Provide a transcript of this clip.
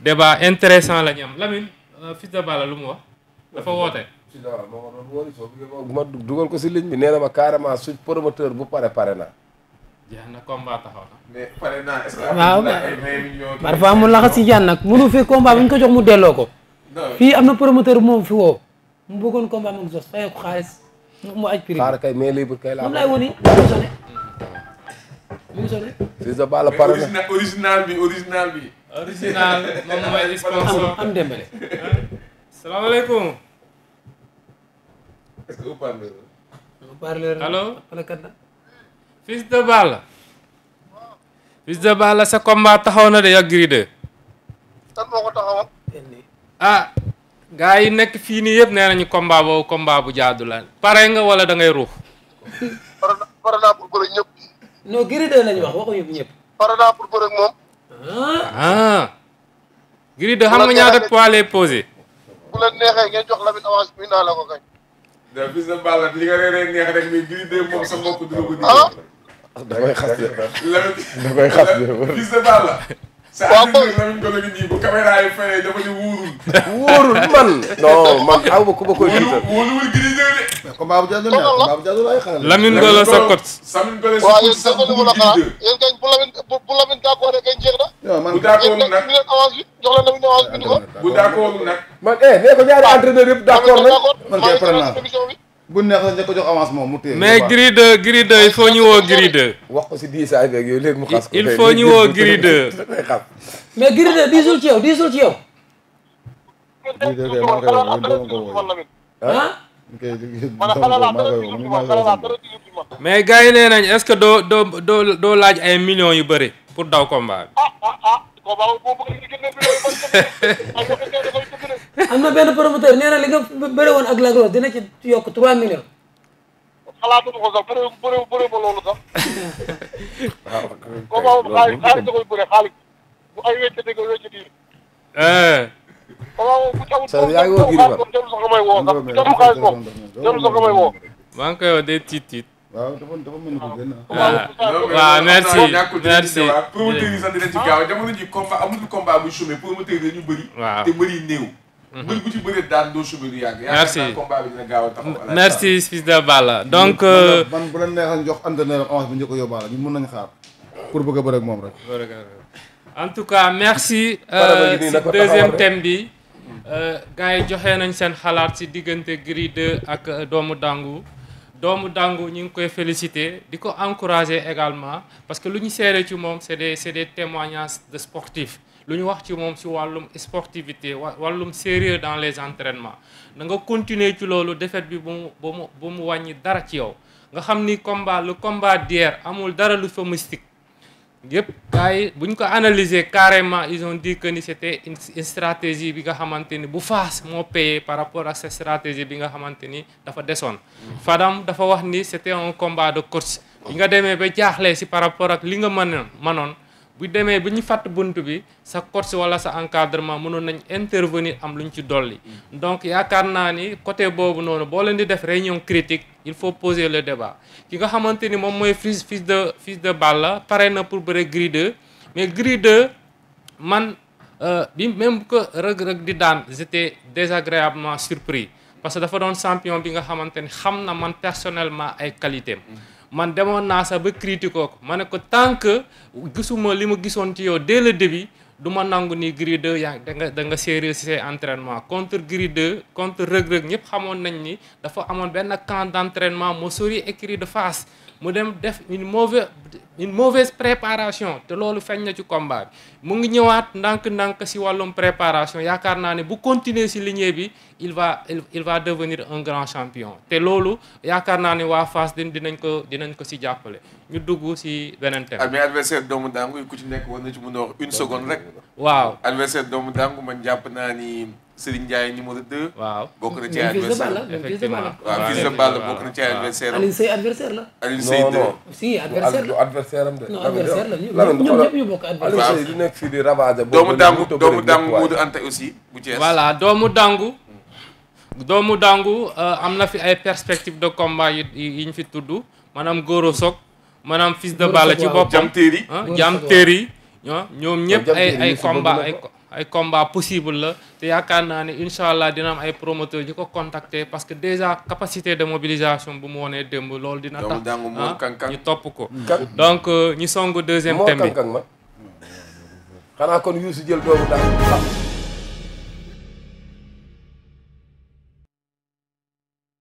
de ba intéressant la ñu la Lamine euh, Fils de Balla lu mu wax dafa woote. Fils ma doon dugal ko si ligne bi nee na ma carrément suñ promoteur bu pare pare naa. jeex na combat taxaw na. mais pare naa est-ce que. mu laxa si jaan nag mënu fee combat bu ñu ko jox mu delloo ko. fii am na promoteur moom fi woo mu bëggoon combat moom jox fayee ko xaalis mu aj prix. xaaral kay mais libre kay laa. mu ngi sonné. Fils de Balla pare na original bi original bi. original moom mooy sponsor am dembale salaamaaleykum est-ce de Balla Fils de Balla sa combat taxaw na de yàgg Gris ah gaa yi nekk fii nii yëpp nee nañu combat boobu combat bu jaadu la pare nga wala da ruux pare naa pour bëre ñëpp non Gris 2 lañu wax waxuñu ñëpp pare ah. Gris de xam nga ñaata poids lay posé. bu la neexee ngeen jox Lamine avance bi naa la ko kañ. da bis na Balla li nga reeree neex rek mais Gris de moom sa mbokk dina da koy xas ah. bi ah, da koy xas de waaw ko bu caméra yi fayee dafa ni wóorul. wóorul man. non man aw ma ku ma koy jiital. wóorul de. comme Babou Diallo Babou ay xarala. Lamine Gola sa kot. Lamine Gola sa kot bu bu bu Lamine d'accord rek jeex na. bu d'accord nag avance bi jox la Lamine avance bi ko. bu d'accord nag. man eh nee ko ñaari entraîneur yëpp d'accord nañ. man kay pare naa bu neex la ñu ko jox mais Gris 2 Gris 2 il faut ñu woo Gris wax ko si diisaay beeg yooyu léegi mu il faut ñu woo Gris 2. mais Gris 2 diisul ci yow diisul ci yow. mais gars yi nee nañ est-ce que doo doo doo doo laaj ay millions yu bëri pour daw combat bi. Ah, ah, ah. benn promoteur nee na li nga bëri woon ak Lac Rose dina ci yokk 3 millions. xalaatuma ko sax bëri bëri bëri ma loolu sax. waaw kooku moom xaalis xaalis da koy bëri xaalis bu ay wéccate nga wéccati. waaw bu tawul sax yaa ngi woo Giri Ba jarul sax nga may woo sax jarul xaalis boobu jarul sax nga may woo. maa ngi koy wax day tiit tiit. waaw dafa dafa mel ni ko gën waaw merci merci promoteur yi sax dina ci gaaw jamono ji combat amul combat bu chômé promoteur yi dañu bëri. waaw te bëri néew. Mhm. mbër bu ci bëri daan doo merci yaakaar bi dina gaaw a taxaw. merci fils de Balla donc. man euh, bu leen neexal jox entraîneur avance bi ñu ko yóbbaale ñu mën nañu xaar pour bëgg a bëri ak moom rek. en tout cas merci. Euh, si deuxième thème bi. Euh, gars yi joxe nañ seen xalaat si diggante Gris 2 ak euh, doomu dàngu doomu dàngu ñu ngi koy féliciter di ko encourager également parce que lu ñu seere ci moom c'est des c'est des témoignages de sportifs. lu ñu wax ci moom si wàllum sportivité wàllum sérieux dans les entraînements da nga continuer ci loolu défaite bi bu mu bu mu wàññi dara ci yow nga xam ni combat le combat d'hier amul dara lu fa mystique yëpp gars buñ ko analyser carrément ils ont dit que ni c'était une stratégie bi nga xamante ni bu faas moo payé par rapport ak cette stratégie bi nga xamante ni dafa desoon mm. Fadam dafa wax ni c'était un combat de course bi nga demee ba jaaxlee si par rapport ak li nga mën mënoon bu demee ba ñu fàtt bunt bi sa coach wala sa encadrement mënoon nañu intervenir am lu ñu ci dolli. Mm. donc yaakaar naa ni côté boobu noonu boo leen di def réunion critique il faut poser le débat ki nga xamante ni moom mooy fils fils de fils de Balla pare na pour bëre Gris mais Gris 2 man euh, bi même que rëg-rëg di daan j'étais désagréablement surpris parce que dafa doon champion bi nga xamante ni xam na man personnellement ay qualité man demoon naa sax ba critiqué ko ma ne ko tant que gisuma li ma gisoon ci yow dès le début du ma nangu ni Gris 2 yaa da nga da nga sérieux ci say contre Gris 2 contre Reug Reug ñëpp xamoon nañ ni dafa amoon benn camp d' mu sori écurie de Fass mu dem def une une mauvaise préparation te loolu feeñ na ci combat bi mu ngi ñëwaat ndànk-ndànk si wàllum préparation yaakaar naa ne bu continuer si lignée bi il va il va devenir un grand champion te loolu yaakaar naa ne waa Fass dinañ ko dinañ ko si jàppale ñu dugg si beneen thème. Ah, mais adversaire doomu daanguy ku ci nekk war na ci mën a wax une seconde waaw adversaire doomu dàngu ma jàpp naa ni Serigne Ndiaye numéro 2. waaw bokk waaw fils na ci adversaire am. adversaire la. Alioune Seye 2 si adversaire la am de. non nekk fii di ravage. doomu dàngu doomu dàngu Moodu Anta aussi bu Thiès. voilà doomu dàngu. doomu dàngu euh, am na fi ay perspectives de combat yu yi ñu fi tudd maanaam Goro Sok maanaam fils de Balla ci boppam. Jam Téeri ah, Jam Téeri. Ah, ñoom ñëpp ay ay combat ay ay combat possible la te yaakaar naa ne incha allah dina am ay promoteur yu ko contacter parce que déjà capacité de mobilisation bu mu wonee démb loolu dina tax ah, ñu topp ko mm. donc euh, ñi song deuxième thème bi kon jël